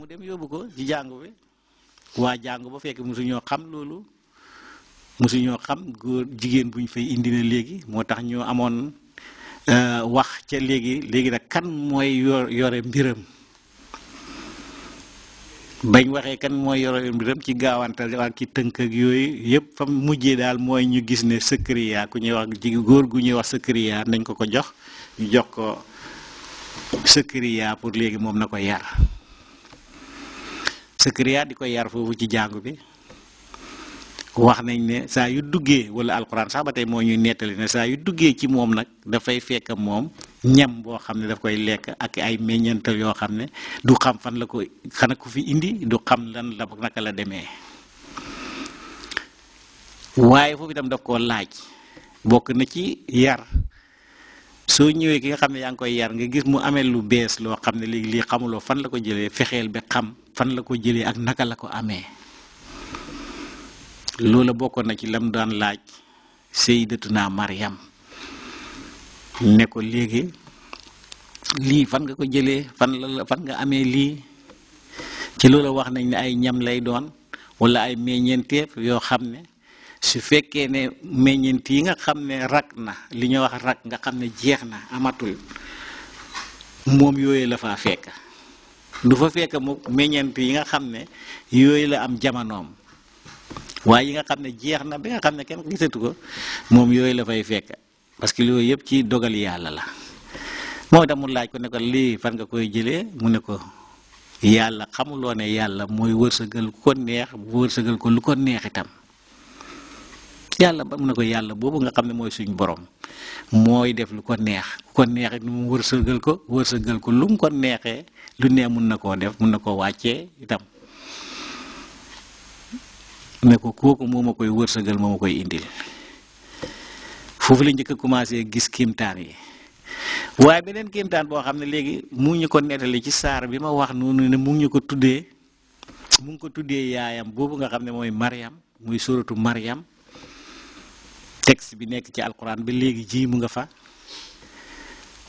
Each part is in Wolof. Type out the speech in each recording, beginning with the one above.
mu dem yóbbu ko ci jàngu bi waa jàngu ba fekk mosuñoo xam loolu mosuñoo xam góor jigéen buñ fay indi na léegi moo tax ñu amoon euh, wax ca léegi léegi nag kan mooy yore mbiram bañ waxee kan mooy yore mbiram ci gaawantal ak ci tënk yooyu yëpp fa mujjee daal mooy ñu gis ne Sakariya ku ñuy wax ji góor gu ñuy wax Sakariya nañ ko ko jox ñu jox ko Sakariya pour léegi moom na ko yar Sakariya di ko yar foofu ci jàngu bi wax nañ ne saa yu duggee wala alquran sax ba tey moo ñuy nettali ne saa yu duggee ci moom nag dafay fekk moom ñam boo xam ne daf koy lekk ak ay meññantal yoo xam ne du xam fan la ko xana ko fi indi du xam lan la naka la demee waaye foofu itam daf koo laaj bokk na ci yar soo ñëwee ki nga xam ne yaa ngi koy yar nga gis mu amee lu bees loo xam ne léegi lii xamuloo fan la ko jëlee fexeel bi xam fan la ko jëlee ak naka la ko amee loola bokkoon na ci lam daan laaj Sayyidatuna Maryam ne ko léegi lii fan nga ko jëlee fan la fan nga amee lii ci loola wax nañ ne ay ñam lay doon walla ay meññeenteef yoo xam ne su fekkee ne meññeent yi nga xam ne rak na li ñu wax rak nga xam ne jeex na amatul moom yooyu la faa fekk du fa fekk mu meññeent yi nga xam ne yooyu la am jamonoom waaye yi nga xam ne jeex na bi nga xam ne kenn gisatu ko moom yooyu la fay fekk parce que loolu yëpp ci dogal yàlla la moo tax mu laaj ko ne ko lii fan nga koy jëlee mu ne ko yàlla xamuloo ne yàlla mooy wërsëgal ku ko neex wërsëgal ko lu ko neex itam. yalla ba mu ne ko yàlla boobu nga xam ne mooy suñ borom mooy def lu ko neex ko neex it mu wërsëgal ko wërsëgal ko lu mu ko neexee lu neex mun na koo def mun na koo itam ne ko koy wërsëgal moo koy indil foofu la njëkk commencé gis kiimtaan yi waaye beneen kiimtaan boo xam ne léegi mu ngi ñu ko nettali ci saar bi ma wax noonu ne mu ngi ñu ko tuddee mu ngi ko tuddee yaayam nga Mariam muy suratu Mariam texte bi nekk ci alquran bi léegi ji mu nga fa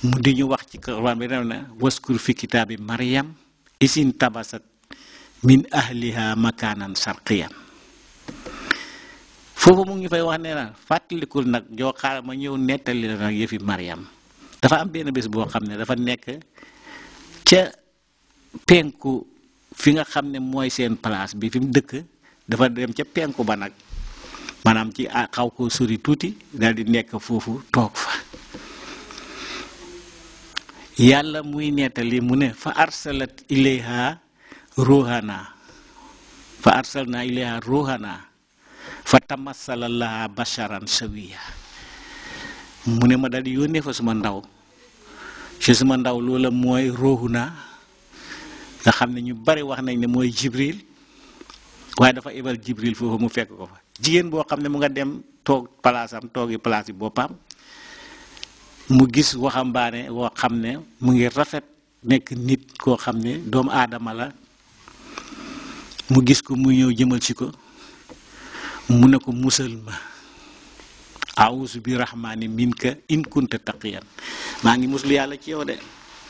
mu di ñu wax ci alquran bi rew waskur fi kitaabi maryam isin tabasat min ahliha makanan sarqiyan foofu mu ngi fay wax nee na fàttalikul nag joo xaaral ma ñëw maryam dafa am benn bés boo xam ne dafa nekk ca penku fi nga xam ne mooy seen place bi fi dëkk dafa dem ca penku ba manam ci xaw ah, ko sori tuti daal di nekk foofu toog fa yàlla muy nettali mu fa arsalat ilayha ruhana fa arsalna ilayha ruhana fa tamassala laha basharan sawiya mu ma daal di fa suma ndaw ci suma ndaw loola mooy ruhuna nga xam ne ñu bari wax nañ ne jibril dafa ibal jibril foofu mu fekk ko fa jigéen boo xam ne mu nga dem toog palaasam toogi palaas yi boppam mu gis waxambaane woo xam ne mu ngi rafet nekk nit koo xam ne doomu aadama la mu gis ko mu ñëw jëmal si ko mu ne ko musal ma awusu bi rahmaani minka in kunta taqiyan maa ngi muslu yàlla ci yow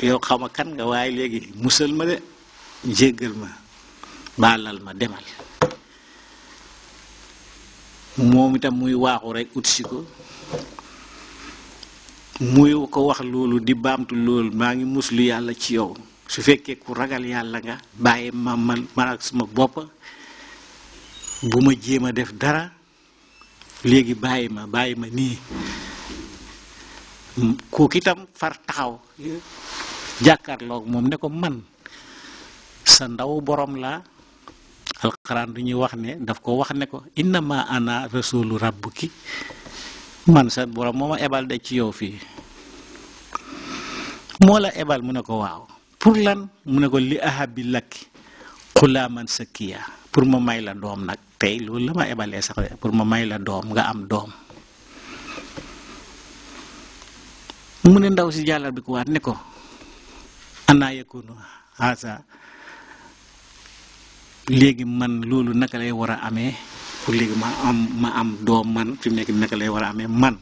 yow xaw ma kan nga waaye léegi musal ma de jéggal ma baalal ma demal moom itam muy waaxu rek ut si ko muy ko wax loolu di baamtu loolu maa ngi muslu yàlla ci yow su fekkee ku ragal yàlla nga bàyyi ma ma man ak sama bopp bu ma jéem a def dara léegi bàyyi ma bàyyi ma nii kooku itam far taxaw jàkkaarloog moom ne ko man sa ndaw boroom la alxuraan du ñuy wax ne daf ko wax ne ko innama ana rasulu rabbuki man sa borom moo ma ebal de ci yow fii moo la ebal mu ne ko waaw pour lan mu ne ko li ahabi lakki xulaaman sa kiya pour ma may la doom nag tey loolu la ma ebalee sax pour ma may la doom nga am doom mu ne ndaw si jàllar bi ko ne ko ana yakunu haasa léegi man loolu naka lay war a amee pour léegi ma am ma am doom man fi nekk naka lay war a amee man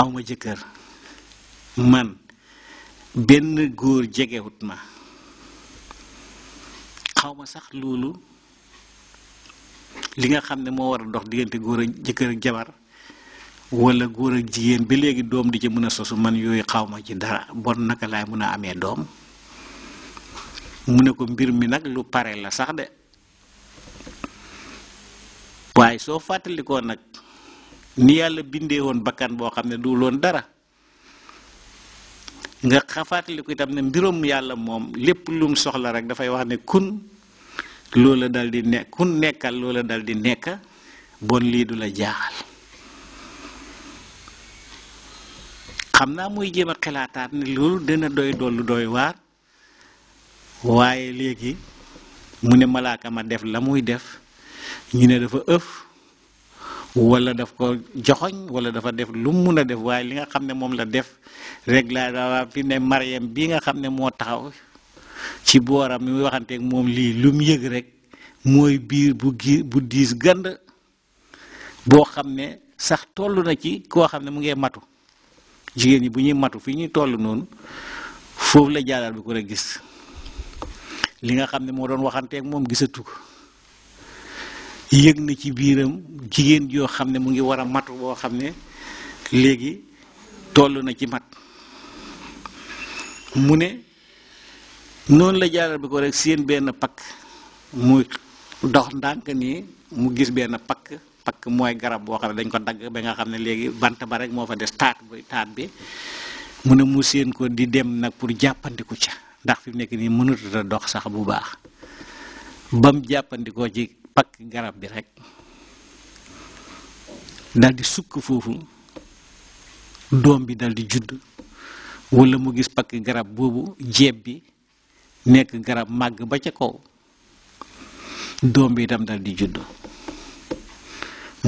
awma jëkkër man benn góor jegewut ma xawma sax loolu li nga xam ne moo war a dox diggante góor a jëkkër ak jabar wala góor ak jigéen ba léegi doom di ci mën a sosu man yooyu xawma ci dara bon naka laay mën a amee doom mu ne ko mbir mi nag lu pare la sax de waaye soo fàttalikoo nag ni yàlla bindee woon bakkan boo xam ne du loon dara nga fàttaliku itam ne mbirum yàlla moom lépp lum soxla rek dafay wax ne kun loola dal di ne kun nekkal loola dal di nekk bon lii du la jaaxal xam naa mooy jéem a xalaataat ne loolu dina doy dollu doy waar waaye léegi mu ne malaaka ma def la muy def ñu ne dafa ëf walla daf ko joxoñ wala dafa def lu mu mun a def waaye li nga xam ne moom la def rek laa daa fi ne Mariam bi nga xam ne moo taxaw ci booram mi muy waxanteeg moom lii lu mu yëg rek mooy biir bu gi bu diis gand boo xam ne sax toll na ci koo xam ne mu ngee matu jigéen ñi bu ñuy matu fi ñuy toll noonu foofu la jaaral bi ko rek gis li nga xam ne moo doon waxanteeg moom gisatu ko yëg na ci biiram jigéen joo xam ne mu ngi war a matu boo xam ne léegi toll na ci mat mu ne noonu la jaaral bi ko rek seen benn pakk muy dox ndànk nii mu gis benn pakk pakk mooy garab boo xam ne dañ ko dagg ba nga xam ne léegi bant ba rek moo fa des taat bi taat bi mu ne mu seen ko di dem nag pour jàppandiku ca ndax fi mu nekk nii mënatut a dox sax bu baax bam jàppandikoo ci pak garab bi rek dal di sukk foofu dom bi dal di judd wala mu gis pakk garab boobu jeb bi nek garab mag ba ca kaw doom bi dam dal di judd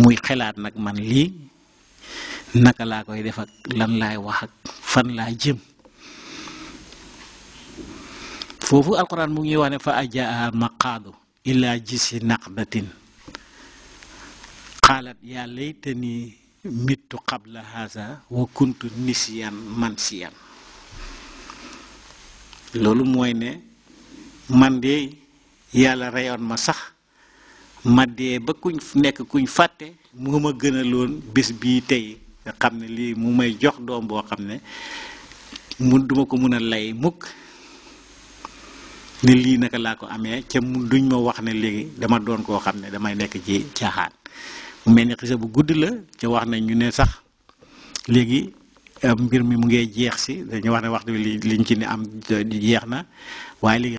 muy xelaat nak man lii naka laa koy def ak lan lay wax ak fan la jëm foofu alquran mu ngi wax ne fa ajaa maqaadu ilaa jisi naqdatin qaalat yaa laytani mittu qabla haza wa kuntu nisyan mansiyan loolu mooy ne man de yàlla reyoon ma sax ma dee ba kuñ nekk kuñ fàtte mu ma gënaloon bis bii tey nga xam ne lii mu may jox doom boo xam ne mu duma ko mun a lay mukk ne lii naka laa ko amee ca mu duñ ma wax ne léegi dama doon koo xam ne damay nekk ci caaxaan mu mel ni xisa bu gudd la ca wax nañ ñu ne sax léegi euh, mbir mi mu ngee jeex si dañu wax ne waxtu li liñ ci ne am jeex na waaye léegi